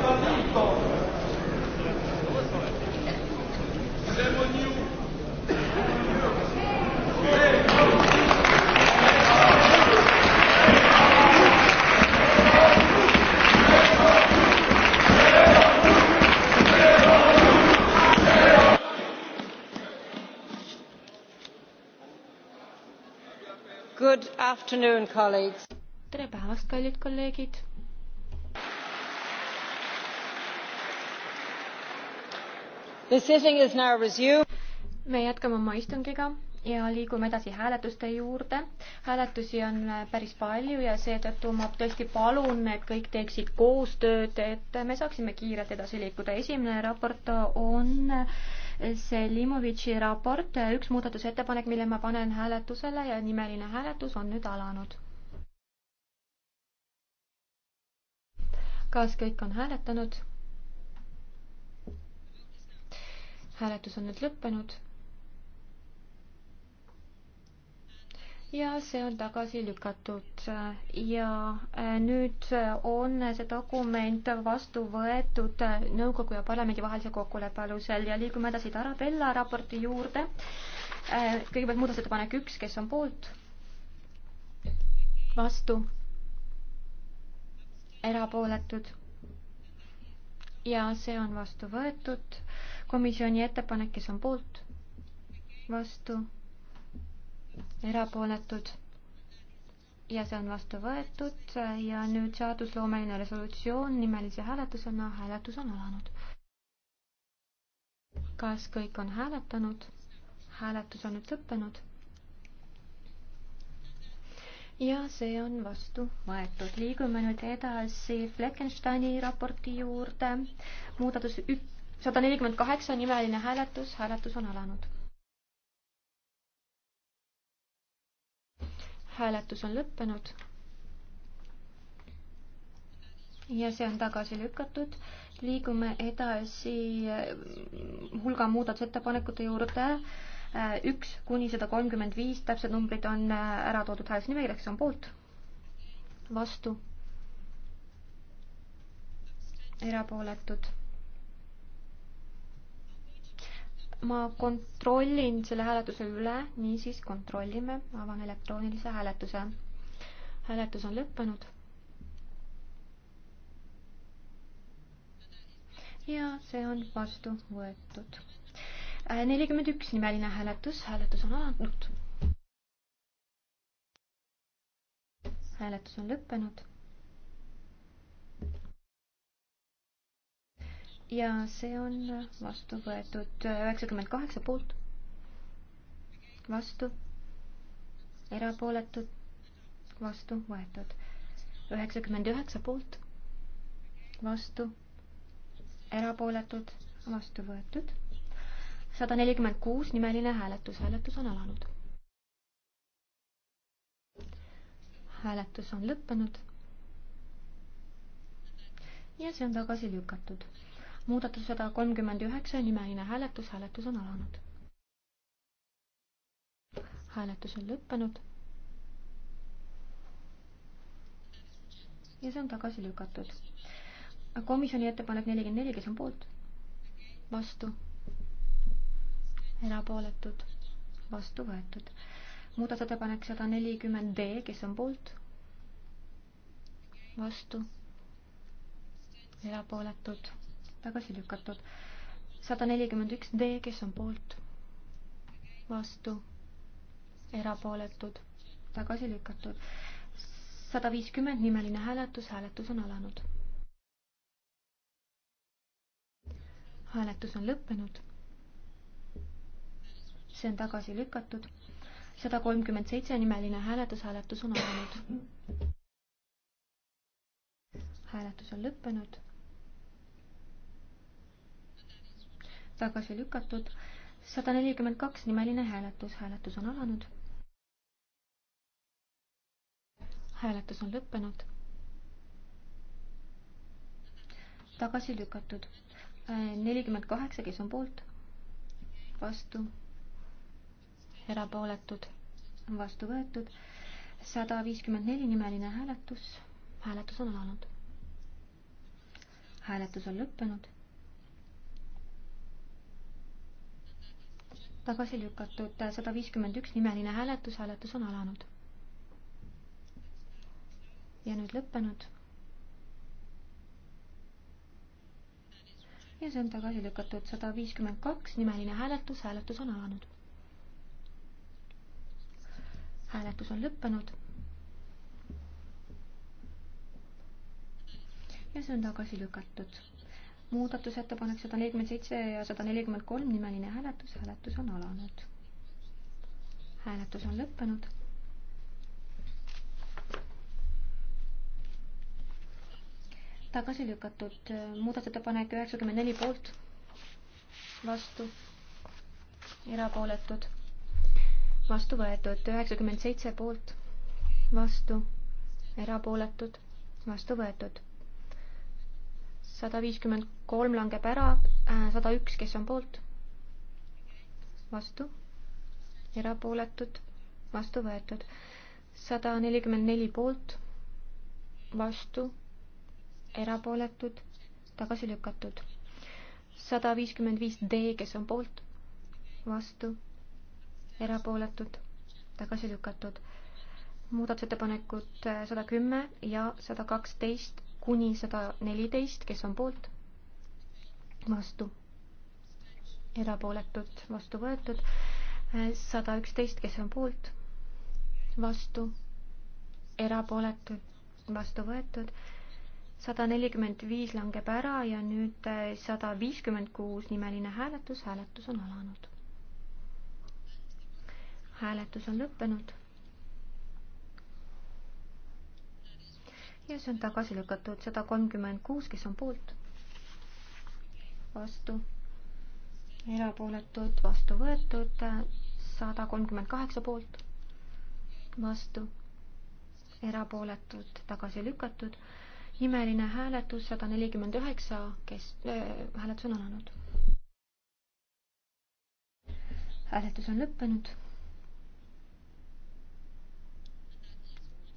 Carlito. Siamo new. Good afternoon, colleagues. tere päevast, kallid kolleegid me jätkame oma istungiga ja liigume edasi hääletuste juurde. hääletusi on äh, päris palju ja seetõttu ma tõesti palun, et kõik teeksid koostööd, et me saaksime kiirelt edasi liikuda. esimene raport on äh, see Limovitši raport, üks muudatusettepanek, mille ma panen hääletusele ja nimeline hääletus on nüüd alanud. kas kõik on hääletanud? hääletus on nüüd lõppenud. ja see on tagasi lükatud ja äh, nüüd on see dokument vastu võetud nõukogu ja parlamendi vahelise kokkuleppe alusel ja liigume edasi Tarabella raporti juurde. Äh, kõigepealt muudatusettepanek üks, kes on poolt? vastu? erapooletud? ja see on vastu võetud komisjoni ettepanek, kes on poolt, vastu, erapooletud ja see on vastu võetud ja nüüd seadusloomeline resolutsioon nimelise hääletusena, hääletus on alanud. kas kõik on hääletanud? hääletus on nüüd lõppenud. ja see on vastu võetud. liigume nüüd edasi Fleckensteini raporti juurde. muudatus üks sada nelikümmend kaheksa nimeline hääletus, hääletus on alanud. hääletus on lõppenud. ja see on tagasi lükatud. liigume edasi äh, hulga muudatusettepanekute juurde. Äh, üks kuni sada kolmkümmend viis, täpsed numbrid on äh, ära toodud hääletusnimekirjas, kes on poolt, vastu, erapooletud ma kontrollin selle hääletuse üle, niisiis kontrollime, avan elektroonilise hääletuse. hääletus on lõppenud. ja see on vastu võetud. Äh, nelikümmend üks nimeline hääletus, hääletus on alanud. hääletus on lõppenud ja see on vastu võetud üheksakümmend kaheksa poolt, vastu, erapooletud, vastu võetud, üheksakümmend üheksa poolt, vastu, erapooletud, vastu võetud, sada nelikümmend kuus nimeline hääletus, hääletus on alanud. hääletus on lõppenud ja see on tagasi lükatud muudatussada kolmkümmend üheksa, nimeline hääletus, hääletus on alanud. hääletus on lõppenud. ja see on tagasi lükatud. komisjoni ettepanek nelikümmend neli, kes on poolt? vastu? erapooletud? vastu võetud. muudatusettepanek sada nelikümmend D, kes on poolt? vastu? erapooletud tagasi lükatud. sada nelikümmend üks D, kes on poolt, vastu, erapooletud, tagasi lükatud. sada viiskümmend nimeline hääletus, hääletus on alanud. hääletus on lõppenud. see on tagasi lükatud. sada kolmkümmend seitse nimeline hääletus, hääletus on alanud. hääletus on lõppenud tagasi lükatud. sada nelikümmend kaks nimeline hääletus, hääletus on alanud. hääletus on lõppenud. tagasi lükatud. nelikümmend kaheksa, kes on poolt? vastu? erapooletud? vastu võetud. sada viiskümmend neli nimeline hääletus, hääletus on alanud. hääletus on lõppenud tagasi lükatud sada viiskümmend üks nimeline hääletus, hääletus on alanud. ja nüüd lõppenud. ja see on tagasi lükatud sada viiskümmend kaks nimeline hääletus, hääletus on alanud. hääletus on lõppenud. ja see on tagasi lükatud muudatusettepanek sada nelikümmend seitse ja sada nelikümmend kolm nimeline hääletus, hääletus on alanud. hääletus on lõppenud. tagasi lükatud muudatusettepanek üheksakümmend neli poolt, vastu, erapooletud, vastu võetud üheksakümmend seitse poolt, vastu, erapooletud, vastu võetud sada viiskümmend kolm langeb ära, äh, sada üks, kes on poolt, vastu, erapooletud, vastu võetud, sada nelikümmend neli poolt, vastu, erapooletud, tagasi lükatud, sada viiskümmend viis D, kes on poolt, vastu, erapooletud, tagasi lükatud muudatusettepanekud äh, sada kümme ja sada kaksteist kuni sada neliteist, kes on poolt, vastu, erapooletud, vastu võetud, sada üksteist, kes on poolt, vastu, erapooletud, vastu võetud, sada nelikümmend viis langeb ära ja nüüd sada viiskümmend kuus nimeline hääletus, hääletus on alanud. hääletus on lõppenud ja see on tagasi lükatud sada kolmkümmend kuus, kes on poolt, vastu, erapooletud, vastu võetud, sada kolmkümmend kaheksa poolt, vastu, erapooletud, tagasi lükatud, nimeline hääletus sada nelikümmend üheksa, kes äh,, hääletus on alanud. hääletus on lõppenud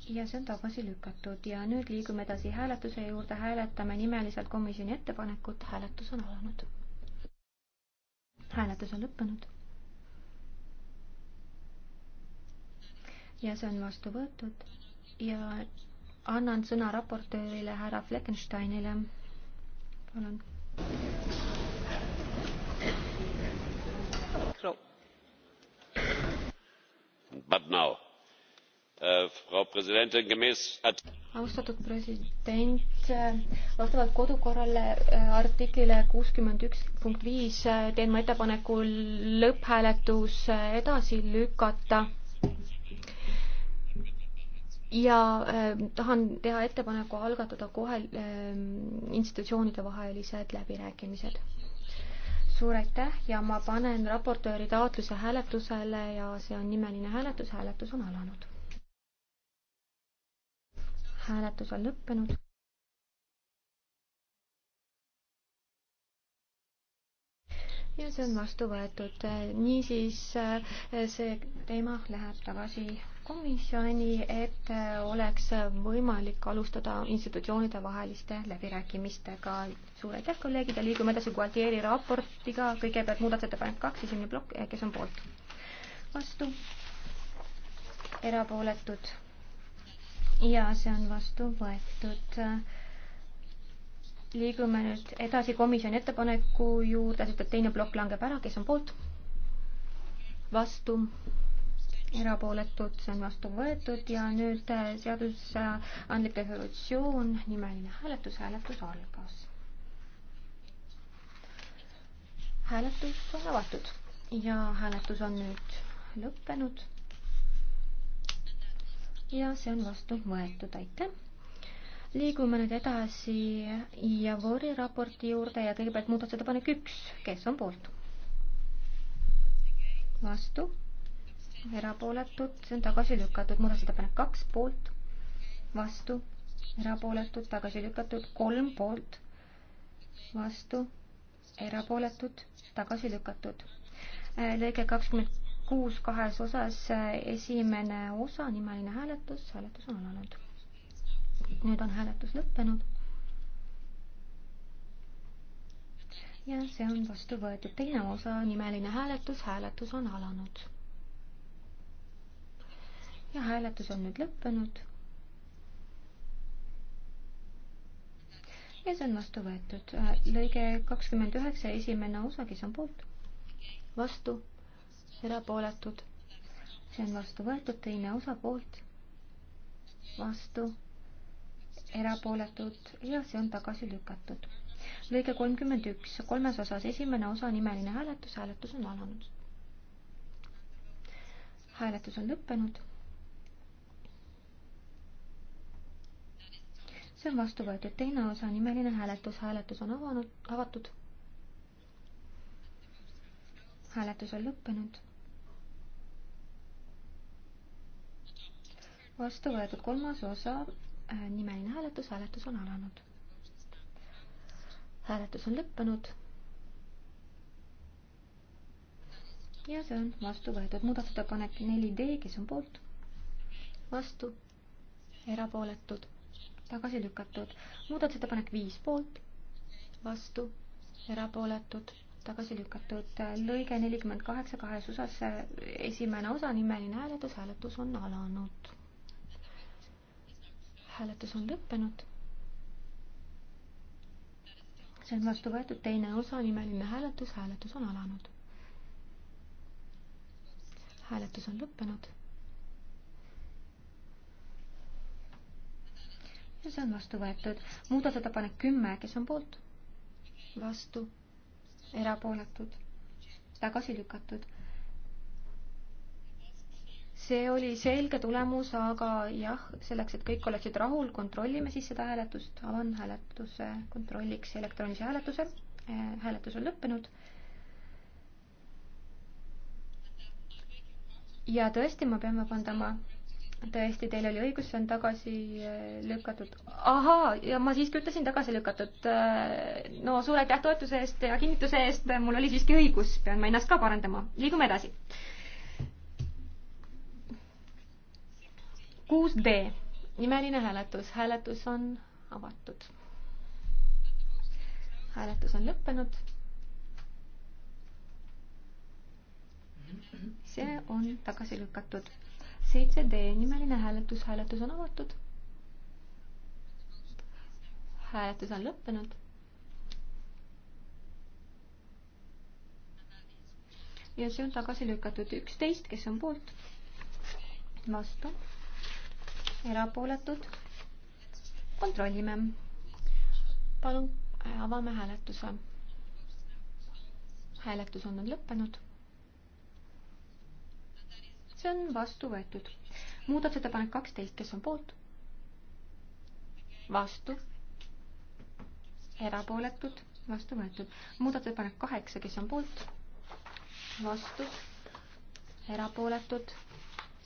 ja see on tagasi lükatud ja nüüd liigume edasi hääletuse juurde, hääletame nimeliselt komisjoni ettepanekut, hääletus on alanud. hääletus on lõppenud. ja see on vastu võetud ja annan sõna raportöörile härra Fleckensteinile. palun. But now austatud president vastavalt kodukorrale äh, artiklile äh, teen ma ettepaneku lõpphääletus äh, edasi lükata ja tahan teha ettepaneku algatada kohe ähm, institutsioonide vahelised läbirääkimised suur aitäh ja ma panen raportööri taotluse hääletusele ja see on nimeline hääletus hääletus on alanud hääletus on lõppenud. ja see on vastu võetud. niisiis eh, see teema läheb tagasi komisjoni, et eh, oleks võimalik alustada institutsioonide vaheliste läbirääkimistega. suur aitäh kolleegid ja liigume edasi Gualtieri raportiga. kõigepealt muudatusettepanek kaks, esimene plokk, eh, kes on poolt? vastu? erapooletud? ja see on vastu võetud. liigume nüüd edasi komisjoni ettepaneku juurde, sest et teine plokk langeb ära, kes on poolt? vastu? erapooletud, see on vastu võetud ja nüüd äh, seadusandlik resolutsioon, nimeline hääletus, hääletus algas. hääletus on avatud ja hääletus on nüüd lõppenud ja see on vastu võetud, aitäh. liigume nüüd edasi Javori raporti juurde ja kõigepealt muudatusettepanek üks, kes on poolt? vastu, erapooletud, see on tagasi lükatud, muudatusettepanek kaks poolt, vastu, erapooletud, tagasi lükatud, kolm poolt, vastu, erapooletud, tagasi lükatud. lõige kakskümmend kuus kahes osas, esimene osa, nimeline hääletus, hääletus on alanud. nüüd on hääletus lõppenud. ja see on vastu võetud. teine osa, nimeline hääletus, hääletus on alanud. ja hääletus on nüüd lõppenud. ja see on vastu võetud. lõige kakskümmend üheksa, esimene osa, kes on poolt? vastu erapooletud, see on vastu võetud, teine osa poolt, vastu, erapooletud ja see on tagasi lükatud. lõige kolmkümmend üks, kolmes osas esimene osa nimeline hääletus, hääletus on alanud. hääletus on lõppenud. see on vastu võetud, teine osa nimeline hääletus, hääletus on avanud, avatud hääletus on lõppenud. vastu võetud kolmas osa, äh, nimeline hääletus, hääletus on alanud. hääletus on lõppenud. ja see on vastu võetud muudatusettepanek neli D, kes on poolt, vastu, erapooletud, tagasi lükatud. muudatusettepanek viis poolt, vastu, erapooletud tagasi lükatud. lõige nelikümmend kaheksa kahes osas, esimene osa, nimeline hääletus, hääletus on alanud hääletus on lõppenud. see on vastu võetud teine osa, nimeline hääletus, hääletus on alanud. hääletus on lõppenud. ja see on vastu võetud. muudatusettepanek kümme, kes on poolt? vastu, erapooletud, tagasi lükatud see oli selge tulemus, aga jah, selleks, et kõik oleksid rahul, kontrollime siis seda hääletust. avan hääletuse kontrolliks elektroonilise hääletuse. Äh, hääletus on lõppenud. ja tõesti, ma pean vabandama tõesti, teil oli õigus, see on tagasi äh, lükatud. ahaa, ja ma siiski ütlesin tagasi lükatud. Äh, no suur aitäh toetuse eest ja kinnituse eest, mul oli siiski õigus, pean ma ennast ka parandama. liigume edasi kuus D, nimeline hääletus, hääletus on avatud. hääletus on lõppenud. see on tagasi lükatud. seitse D, nimeline hääletus, hääletus on avatud. hääletus on lõppenud ja see on tagasi lükatud üksteist, kes on poolt, vastu, erapooletud. kontrollime. palun äh, avame hääletuse. hääletus on nüüd lõppenud. see on vastu võetud. muudatusettepanek kaksteist, kes on poolt? vastu. erapooletud, vastu võetud. muudatusettepanek kaheksa, kes on poolt? vastu. erapooletud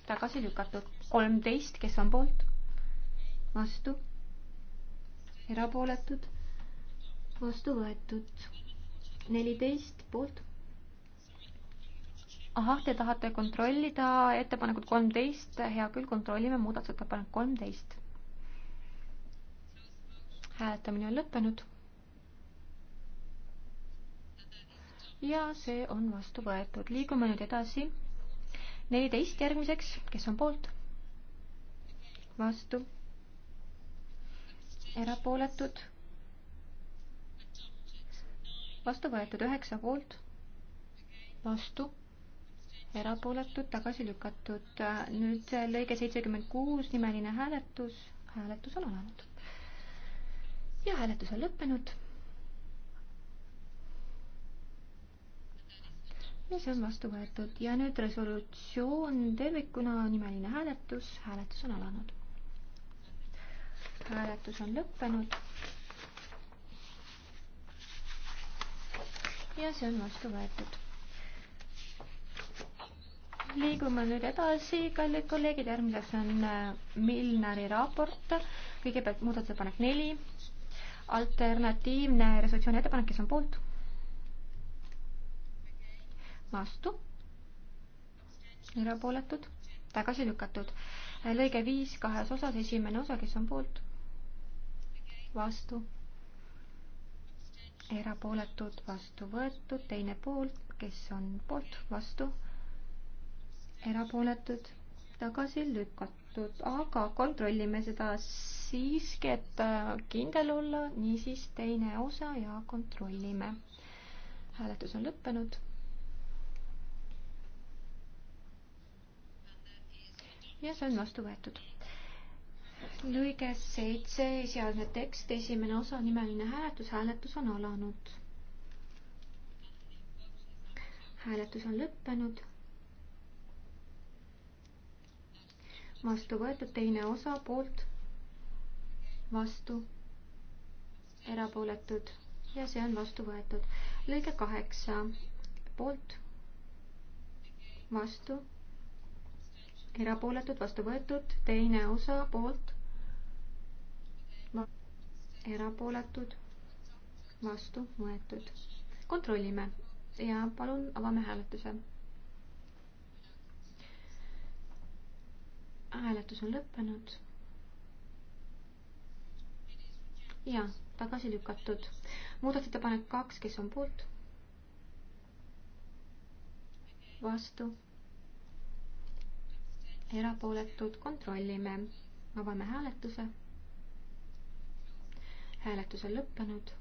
tagasi lükatud. kolmteist, kes on poolt? vastu? erapooletud? vastu võetud. neliteist poolt? ahah, te tahate kontrollida ettepanekut kolmteist, hea küll, kontrollime muudatusettepanek kolmteist. hääletamine on lõppenud. ja see on vastu võetud. liigume nüüd edasi neliteist järgmiseks, kes on poolt? vastu? erapooletud? vastu võetud üheksa poolt, vastu, erapooletud, tagasi lükatud. nüüd lõige seitsekümmend kuus, nimeline hääletus, hääletus on alanud. ja hääletus on lõppenud ja see on vastu võetud ja nüüd resolutsioon tervikuna, nimeline hääletus, hääletus on alanud. hääletus on lõppenud. ja see on vastu võetud. liigume nüüd edasi, kallid kolleegid, järgmiseks on äh, Milneri raport, kõigepealt muudatusettepanek neli, alternatiivne resolutsiooni ettepanek, kes on poolt vastu, erapooletud, tagasi lükatud. lõige viis kahes osas, esimene osa, kes on poolt, vastu, erapooletud, vastu võetud, teine pool, kes on poolt, vastu, erapooletud, tagasi lükatud, aga kontrollime seda siiski, et äh, kindel olla, niisiis teine osa ja kontrollime. hääletus on lõppenud ja see on vastu võetud. lõige seitse, esialgne tekst, esimene osa, nimeline hääletus, hääletus on alanud. hääletus on lõppenud. vastu võetud teine osa, poolt, vastu, erapooletud ja see on vastu võetud. lõige kaheksa, poolt, vastu erapooletud, vastu võetud, teine osa poolt, erapooletud, vastu võetud. kontrollime ja palun avame hääletuse. hääletus on lõppenud. ja tagasi lükatud. muudatusettepanek kaks, kes on poolt? vastu erapooletud, kontrollime. avame hääletuse. hääletus on lõppenud.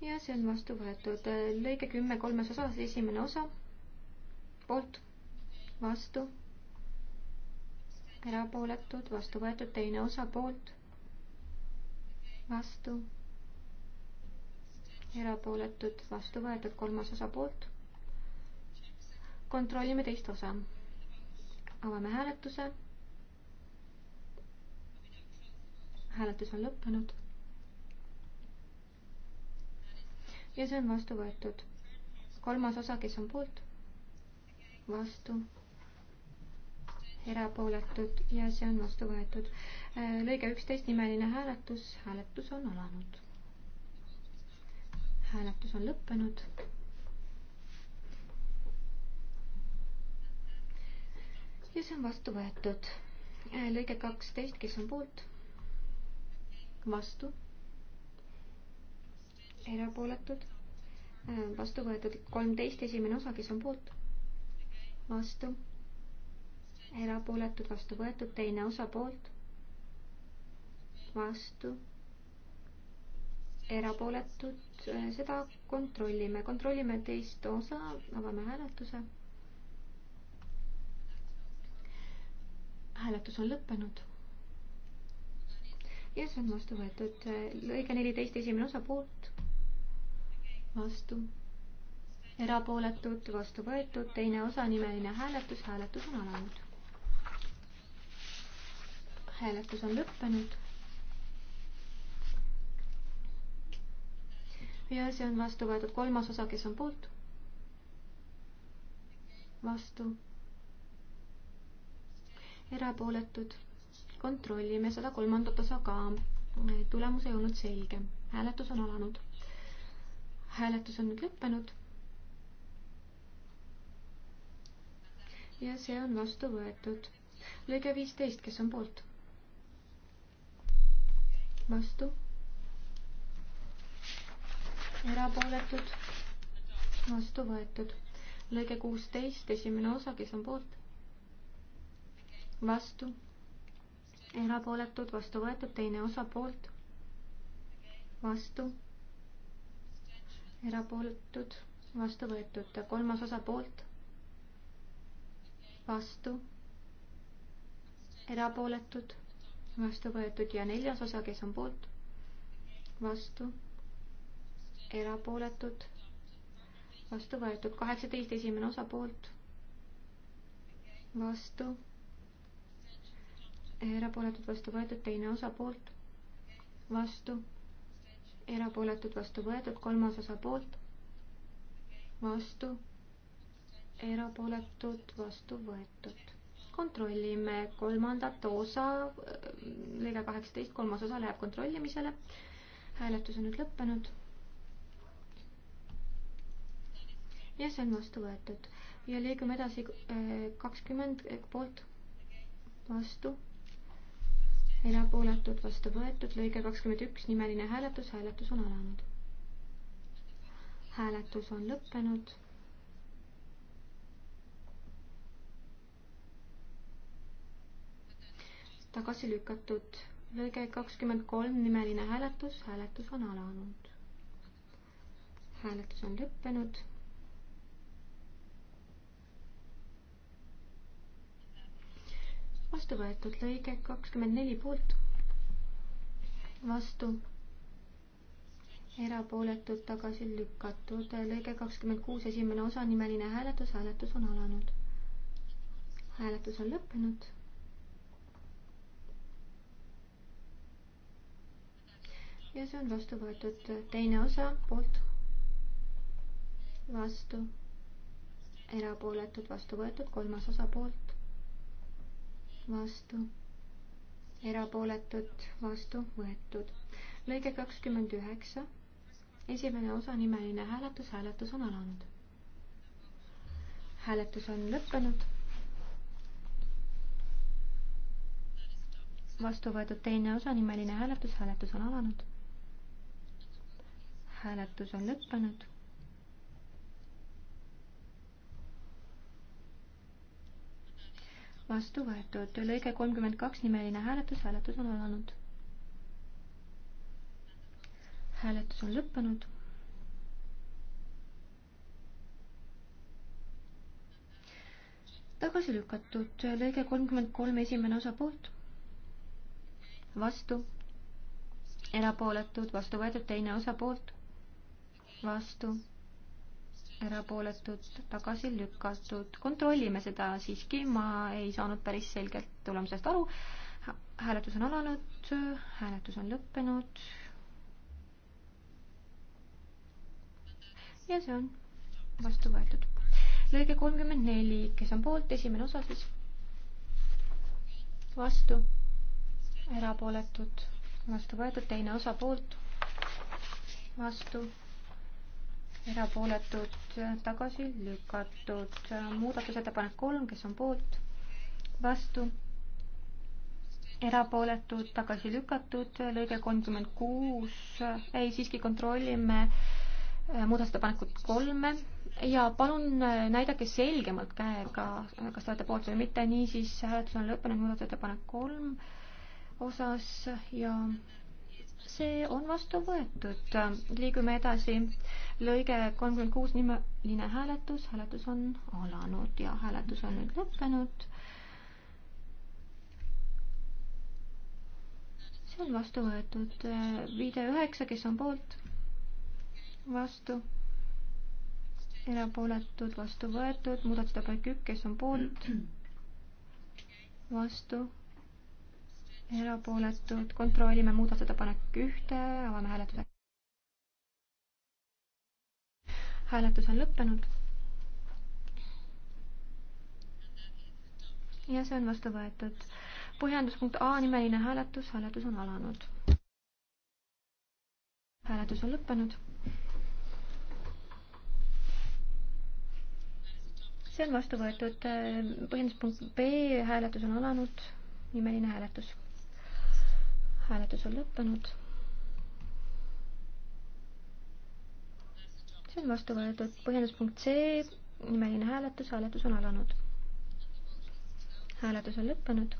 ja see on vastu võetud. lõige kümme kolmes osas, esimene osa. poolt, vastu, erapooletud, vastu võetud, teine osa poolt, vastu erapooletud, vastu võetud, kolmas osa poolt, kontrollime teist osa. avame hääletuse. hääletus on lõppenud. ja see on vastu võetud. kolmas osa, kes on poolt? vastu erapooletud ja see on vastu võetud. lõige üksteist nimeline hääletus, hääletus on alanud. hääletus on lõppenud. ja see on vastu võetud. Äh, lõige kaksteist, kes on poolt? vastu. erapooletud. Äh, vastu võetud kolmteist, esimene osa, kes on poolt? vastu. erapooletud, vastu võetud, teine osa poolt. vastu. erapooletud, äh, seda kontrollime, kontrollime teist osa, avame hääletuse hääletus on lõppenud. ja see on vastu võetud. lõige neliteist, esimene osa poolt, vastu, erapooletud, vastu võetud, teine osa, nimeline hääletus, hääletus on alanud. hääletus on lõppenud ja see on vastu võetud kolmas osa, kes on poolt? vastu erapooletud. kontrollime seda kolmandat osa ka. Äh, tulemus ei olnud selge. hääletus on alanud. hääletus on nüüd lõppenud. ja see on vastu võetud. lõige viisteist, kes on poolt? vastu erapooletud, vastu võetud. lõige kuusteist, esimene osa, kes on poolt? vastu, erapooletud, vastu võetud, teine osa poolt, vastu, erapooletud, vastu võetud, kolmas osa poolt, vastu, erapooletud, vastu võetud ja neljas osa, kes on poolt, vastu, erapooletud, vastu võetud, kaheksateist esimene osa poolt, vastu erapooletud, vastu võetud, teine osa poolt, vastu, erapooletud, vastu võetud, kolmas osa poolt, vastu, erapooletud, vastu võetud. kontrollime kolmandat osa, äh, lõige kaheksateist, kolmas osa läheb kontrollimisele. hääletus on nüüd lõppenud. ja see on vastu võetud ja liigume edasi äh, kakskümmend poolt, vastu erapooletud, vastu võetud, lõige kakskümmend üks, nimeline hääletus, hääletus on alanud. hääletus on lõppenud. tagasi lükatud, lõige kakskümmend kolm, nimeline hääletus, hääletus on alanud. hääletus on lõppenud vastu võetud, lõige kakskümmend neli poolt, vastu, erapooletult tagasi lükatud, lõige kakskümmend kuus, esimene osa, nimeline hääletus, hääletus on alanud. hääletus on lõppenud. ja see on vastu võetud, teine osa poolt, vastu erapooletud, vastu võetud, kolmas osapoolt, vastu, erapooletud, vastu võetud. lõige kakskümmend üheksa, esimene osa nimeline hääletus, hääletus on alanud. hääletus on lõppenud. vastu võetud teine osa nimeline hääletus, hääletus on alanud. hääletus on lõppenud vastu võetud. lõige kolmkümmend kaks, nimeline hääletus, hääletus on alanud. hääletus on lõppenud. tagasi lükatud, lõige kolmkümmend kolm, esimene osa poolt, vastu, erapooletud, vastu võetud, teine osa poolt, vastu erapooletud, tagasi lükatud. kontrollime seda siiski, ma ei saanud päris selgelt tulemusest aru. hääletus on alanud, hääletus on lõppenud. ja see on vastu võetud. lõige kolmkümmend neli, kes on poolt, esimene osa siis. vastu, erapooletud, vastu võetud, teine osa poolt, vastu erapooletud, tagasi lükatud. muudatusettepanek kolm, kes on poolt, vastu, erapooletud, tagasi lükatud, lõige kolmkümmend kuus, ei siiski kontrollime eh, muudatusettepanekut kolme ja palun eh, näidake selgemalt käega, eh, kas te olete poolt või mitte, niisiis hääletus on lõppenud, muudatusettepanek kolm osas ja see on vastu võetud. liigume edasi. lõige kolmkümmend kuus nimeline hääletus. hääletus on alanud ja hääletus on nüüd lõppenud. see on vastu võetud. viide üheksa, kes on poolt? vastu. erapooletud, vastu võetud. muudatusettepanek üks, kes on poolt? vastu erapooletud, kontrollime muudatusettepanek ühte, avame hääletuse. hääletus on lõppenud. ja see on vastu võetud. põhjenduspunkt A nimeline hääletus, hääletus on alanud. hääletus on lõppenud. see on vastu võetud. põhjenduspunkt B hääletus on alanud, nimeline hääletus hääletus on lõppenud. see on vastu võetud. põhjenduspunkt C, nimeline hääletus, hääletus on alanud. hääletus on lõppenud.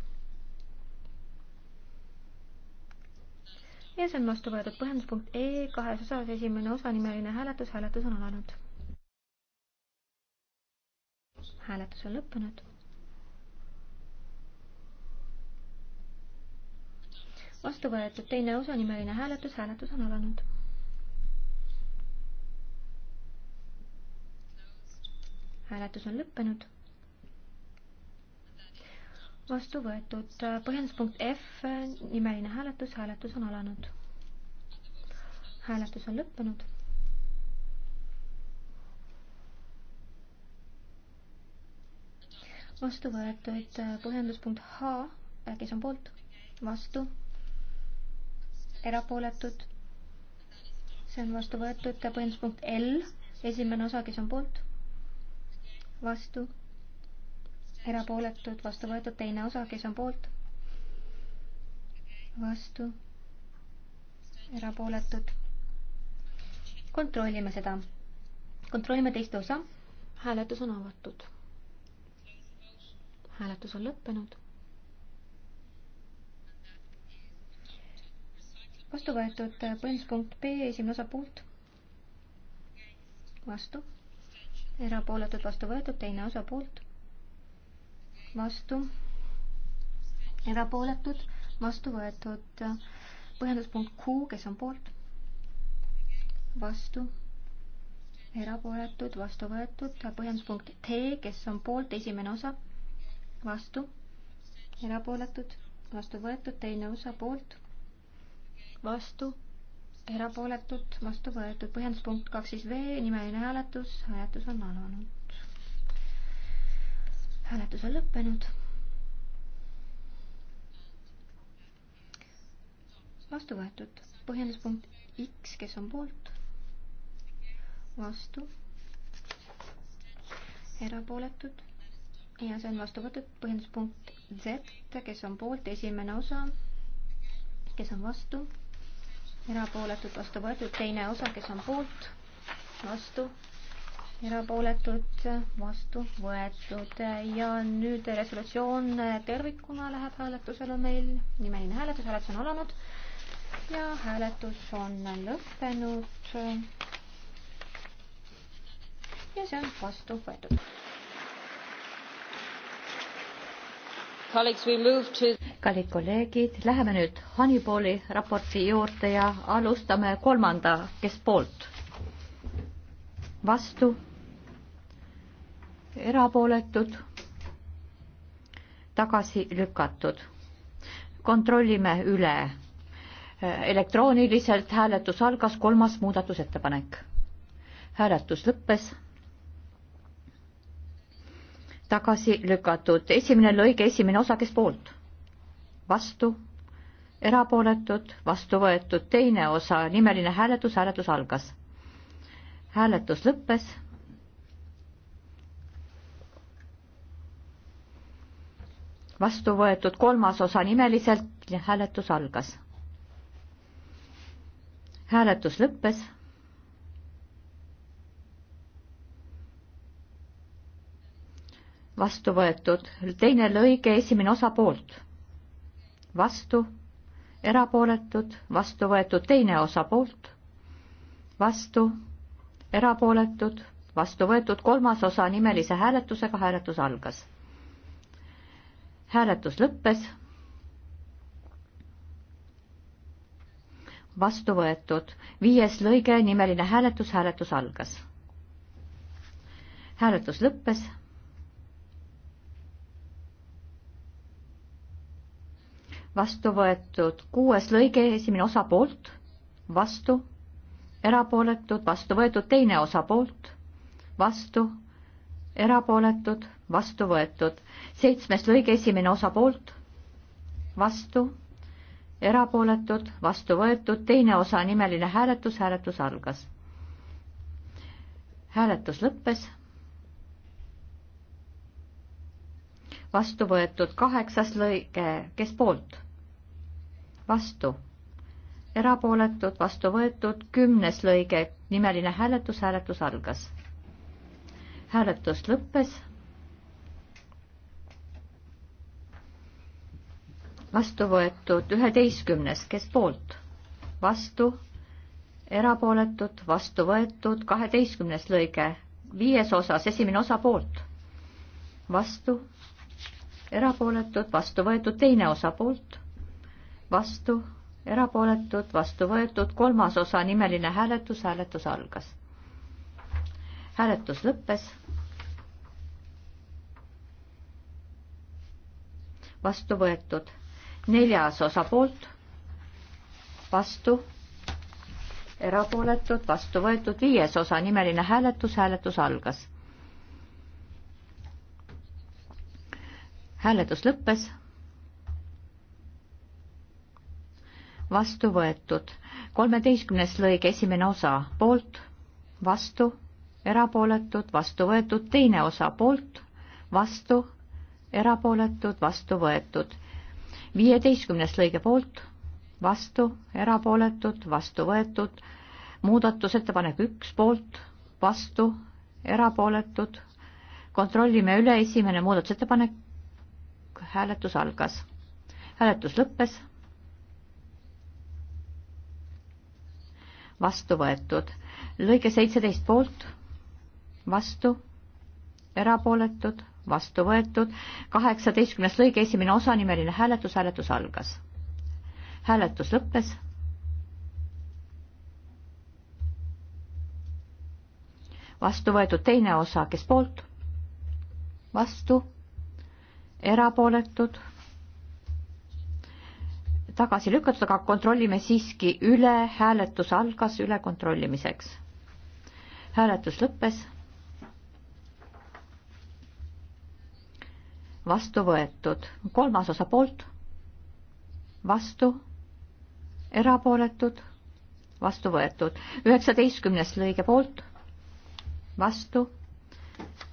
ja see on vastu võetud. põhjenduspunkt E kahes osas, esimene osa, nimeline hääletus, hääletus on alanud. hääletus on lõppenud vastu võetud, teine osa, nimeline hääletus, hääletus on alanud. hääletus on lõppenud. vastu võetud, põhjenduspunkt F, nimeline hääletus, hääletus on alanud. hääletus on lõppenud vastu võetud põhjenduspunkt H, kes on poolt, vastu, erapooletud, see on vastu võetud, põhjenduspunkt L, esimene osa, kes on poolt, vastu, erapooletud, vastu võetud, teine osa, kes on poolt, vastu, erapooletud. kontrollime seda. kontrollime teist osa. hääletus on avatud. hääletus on lõppenud vastu võetud äh, põhjenduspunkt B, esimene osa poolt, vastu, erapooletud, vastu võetud, teine osa poolt, vastu, erapooletud, vastu võetud, äh, põhjenduspunkt Q, kes on poolt, vastu erapooletud, vastu võetud, äh, põhjenduspunkt T, kes on poolt, esimene osa, vastu, erapooletud, vastu võetud, teine osa poolt, vastu, erapooletud, vastu võetud. põhjenduspunkt kaks siis V, nimeline hääletus, hääletus on alanud. hääletus on lõppenud. vastu võetud. põhjenduspunkt X, kes on poolt, vastu, erapooletud ja see on vastu võetud. põhjenduspunkt Z, kes on poolt, esimene osa, kes on vastu erapooletud, vastu võetud, teine osa, kes on poolt, vastu, erapooletud, vastu võetud ja nüüd resolutsioon tervikuna läheb hääletusele meil, nimeline hääletus, hääletus on alanud ja hääletus on lõppenud. ja see on vastu võetud. kallid kolleegid, läheme nüüd Hannibali raporti juurde ja alustame kolmanda, kes poolt? vastu? erapooletud? tagasi lükatud? kontrollime üle. elektrooniliselt hääletus algas, kolmas muudatusettepanek. hääletus lõppes tagasi lükatud. esimene lõige, esimene osa, kes poolt? vastu, erapooletud, vastu võetud. teine osa, nimeline hääletus, hääletus algas. hääletus lõppes. vastu võetud kolmas osa nimeliselt, hääletus algas. hääletus lõppes vastu võetud, teine lõige, esimene osa poolt, vastu, erapooletud, vastu võetud, teine osa poolt, vastu, erapooletud, vastu võetud, kolmas osa nimelise hääletusega, hääletus algas. hääletus lõppes vastu võetud. viies lõige, nimeline hääletus, hääletus algas. hääletus lõppes vastu võetud kuues lõige, esimene osa poolt, vastu, erapooletud, vastu võetud teine osa poolt, vastu, erapooletud, vastu võetud seitsmes lõige, esimene osa poolt, vastu, erapooletud, vastu võetud teine osa, nimeline hääletus, hääletus algas. hääletus lõppes vastu võetud kaheksas lõige, kes poolt? vastu. erapooletud, vastu võetud, kümnes lõige, nimeline hääletus, hääletus algas. hääletus lõppes. vastu võetud üheteistkümnes, kes poolt? vastu, erapooletud, vastu võetud, kaheteistkümnes lõige, viies osas, esimene osa poolt, vastu erapooletud, vastu võetud, teine osa poolt, vastu, erapooletud, vastu võetud, kolmas osa nimeline hääletus, hääletus algas. hääletus lõppes. vastu võetud, neljas osa poolt, vastu, erapooletud, vastu võetud, viies osa nimeline hääletus, hääletus algas hääletus lõppes. vastu võetud. kolmeteistkümnes lõige esimene osa poolt, vastu, erapooletud, vastu võetud, teine osa poolt, vastu, erapooletud, vastu võetud. viieteistkümnes lõige poolt, vastu, erapooletud, vastu võetud, muudatusettepanek üks poolt, vastu, erapooletud, kontrollime üle, esimene muudatusettepanek plokk, hääletus algas. hääletus lõppes. vastu võetud. lõige seitseteist poolt, vastu, erapooletud, vastu võetud. kaheksateistkümnes lõige, esimene osa, nimeline hääletus, hääletus algas. hääletus lõppes. vastu võetud teine osa, kes poolt? vastu erapooletud, tagasi lükatud, aga kontrollime siiski üle, hääletus algas üle kontrollimiseks. hääletus lõppes. vastu võetud, kolmas osa poolt, vastu, erapooletud, vastu võetud, üheksateistkümnes lõige poolt, vastu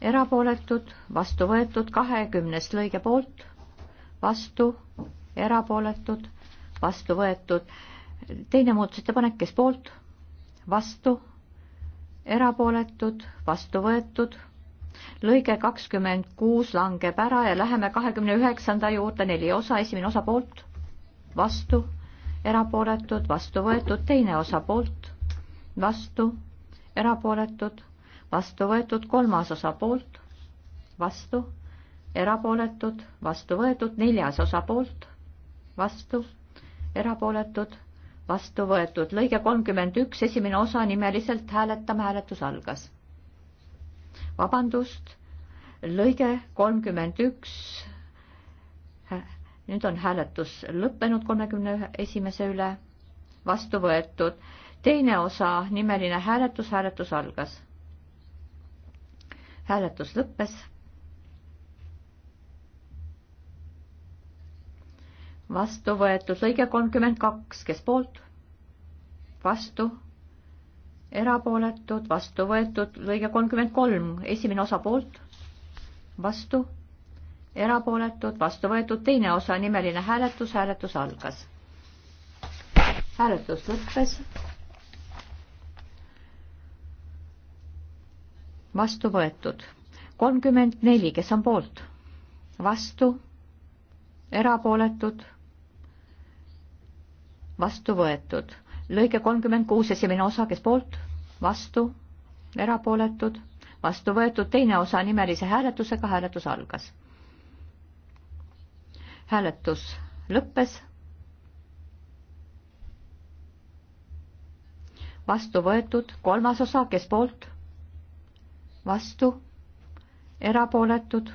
erapooletud, vastu võetud, kahekümnes lõige poolt, vastu, erapooletud, vastu võetud. teine muudatusettepanek, kes poolt, vastu, erapooletud, vastu võetud. lõige kakskümmend kuus langeb ära ja läheme kahekümne üheksanda juurde, neli osa, esimene osa poolt, vastu, erapooletud, vastu võetud, teine osa poolt, vastu, erapooletud vastu võetud, kolmas osa poolt, vastu, erapooletud, vastu võetud, neljas osa poolt, vastu, erapooletud, vastu võetud, lõige kolmkümmend üks, esimene osa nimeliselt hääletame, hääletus algas. vabandust, lõige kolmkümmend üks, nüüd on hääletus lõppenud kolmekümne esimese üle, vastu võetud, teine osa, nimeline hääletus, hääletus algas hääletus lõppes. vastu võetud lõige kolmkümmend kaks, kes poolt? vastu, erapooletud, vastu võetud, lõige kolmkümmend kolm, esimene osa poolt, vastu, erapooletud, vastu võetud, teine osa, nimeline hääletus, hääletus algas. hääletus lõppes vastu võetud. kolmkümmend neli, kes on poolt, vastu, erapooletud, vastu võetud. lõige kolmkümmend kuus, esimene osa, kes poolt, vastu, erapooletud, vastu võetud, teine osa nimelise hääletusega, hääletus algas. hääletus lõppes. vastu võetud, kolmas osa, kes poolt vastu, erapooletud,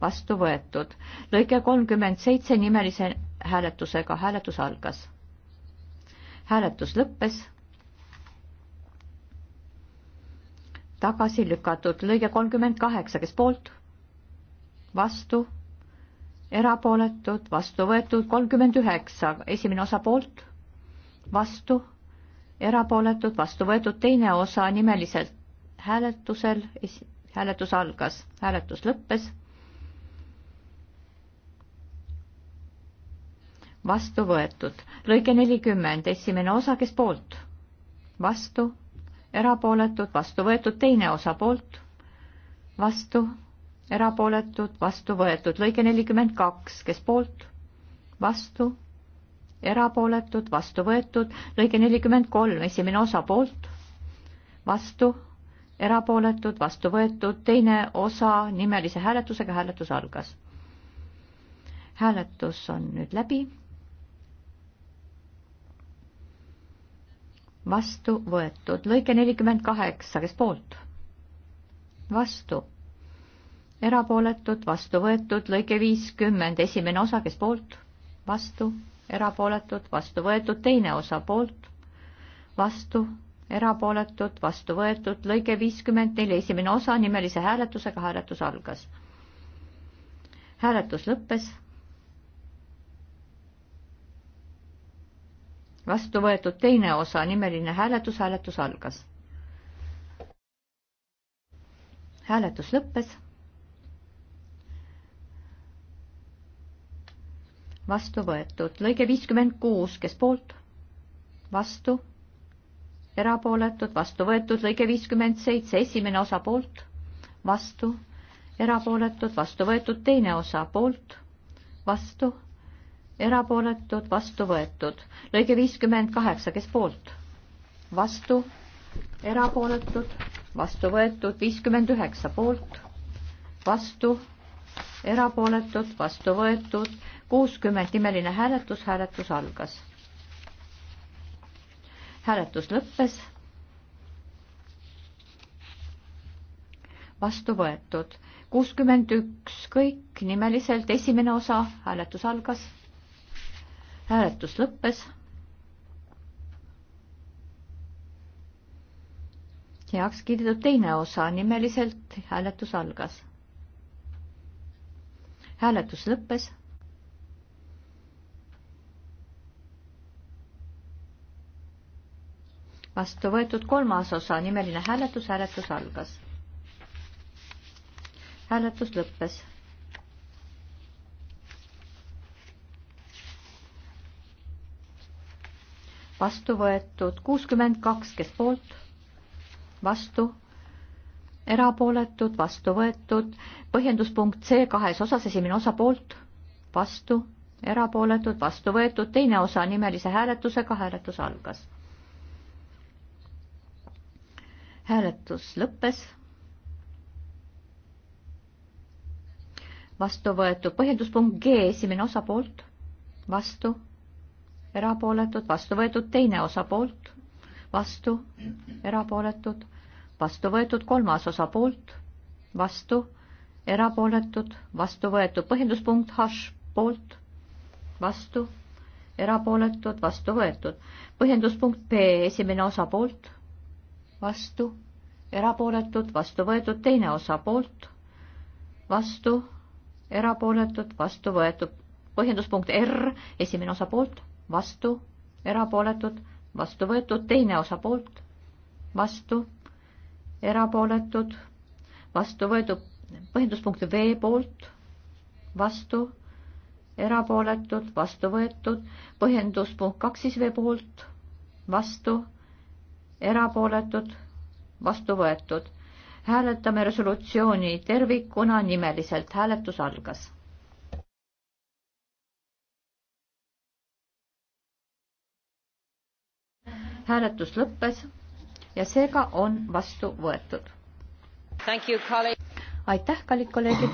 vastu võetud. lõige kolmkümmend seitse nimelise hääletusega hääletus algas. hääletus lõppes. tagasi lükatud lõige kolmkümmend kaheksa, kes poolt, vastu, erapooletud, vastu võetud kolmkümmend üheksa, esimene osa poolt, vastu, erapooletud, vastu võetud teine osa nimeliselt hääletusel, hääletus algas, hääletus lõppes. vastu võetud. lõige nelikümmend, esimene osa, kes poolt? vastu, erapooletud, vastu võetud, teine osa poolt, vastu, erapooletud, vastu võetud, lõige nelikümmend kaks, kes poolt? vastu, erapooletud, vastu võetud, lõige nelikümmend kolm, esimene osa poolt, vastu erapooletud, vastu võetud, teine osa nimelise hääletusega, hääletus algas. hääletus on nüüd läbi. vastu võetud, lõike nelikümmend kaheksa, kes poolt? vastu. erapooletud, vastu võetud, lõike viiskümmend, esimene osa, kes poolt? vastu, erapooletud, vastu võetud, teine osa poolt, vastu erapooletud, vastu võetud, lõige viiskümmend neli, esimene osa nimelise hääletusega, hääletus algas. hääletus lõppes. vastu võetud teine osa, nimeline hääletus, hääletus algas. hääletus lõppes. vastu võetud, lõige viiskümmend kuus, kes poolt? vastu erapooletud, vastu võetud, lõige viiskümmend seitse, esimene osa poolt, vastu, erapooletud, vastu võetud, teine osa poolt, vastu, erapooletud, vastu võetud, lõige viiskümmend kaheksa, kes poolt, vastu, erapooletud, vastu võetud, viiskümmend üheksa poolt, vastu, erapooletud, vastu võetud, kuuskümmend nimeline hääletus, hääletus algas hääletus lõppes. vastu võetud kuuskümmend üks, kõik nimeliselt, esimene osa, hääletus algas, hääletus lõppes. heaks kiidetud teine osa, nimeliselt hääletus algas. hääletus lõppes vastu võetud kolmas osa, nimeline hääletus, hääletus algas. hääletus lõppes. vastu võetud kuuskümmend kaks, kes poolt, vastu, erapooletud, vastu võetud, põhjenduspunkt C kahes osas, esimene osa poolt, vastu, erapooletud, vastu võetud, teine osa nimelise hääletusega, hääletus algas hääletus lõppes. vastu võetud põhjenduspunkt G esimene osapoolt, vastu, erapooletud, vastu võetud teine osapoolt, vastu, erapooletud, vastu võetud kolmas osapoolt, vastu, erapooletud, vastu võetud põhjenduspunkt H poolt, vastu, erapooletud, vastu võetud. põhjenduspunkt B esimene osapoolt vastu, erapooletud, vastu võetud, teine osa poolt, vastu, erapooletud, vastu võetud. põhjenduspunkt R, esimene osa poolt, vastu, erapooletud, vastu võetud, teine osa poolt, vastu, erapooletud, vastu võetud, põhjenduspunkt V poolt, vastu, erapooletud, vastu võetud, põhjenduspunkt kaks siis V poolt, vastu erapooletud, vastu võetud. hääletame resolutsiooni tervikuna nimeliselt, hääletus algas. hääletus lõppes ja seega on vastu võetud. aitäh, kallid kolleegid.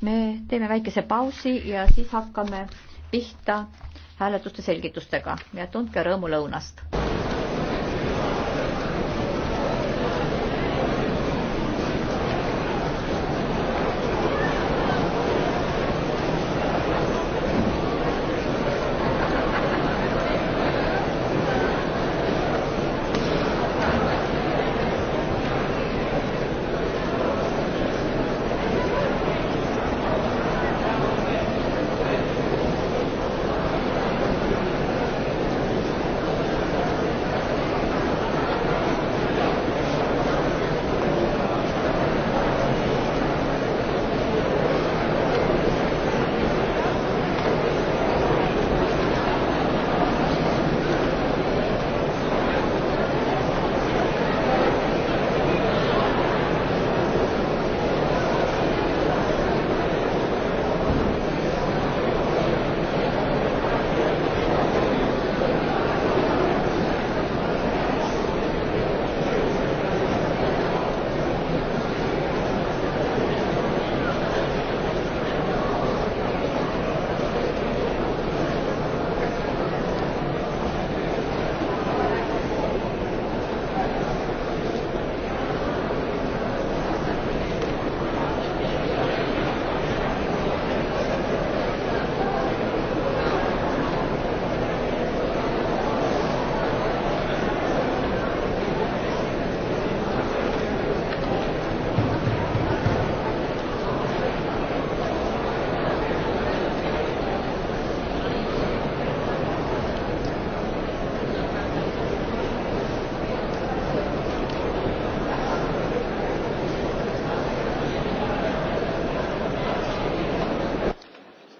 me teeme väikese pausi ja siis hakkame pihta hääletuste selgitustega ja tundke rõõmu lõunast.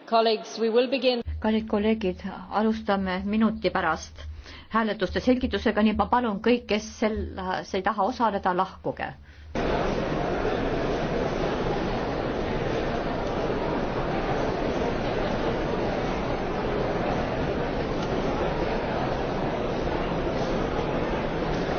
kallid kolleegid, alustame minuti pärast hääletuste selgitusega, nii et ma palun kõik, kes selles äh, ei taha osaleda, lahkuge